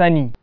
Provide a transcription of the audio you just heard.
Sani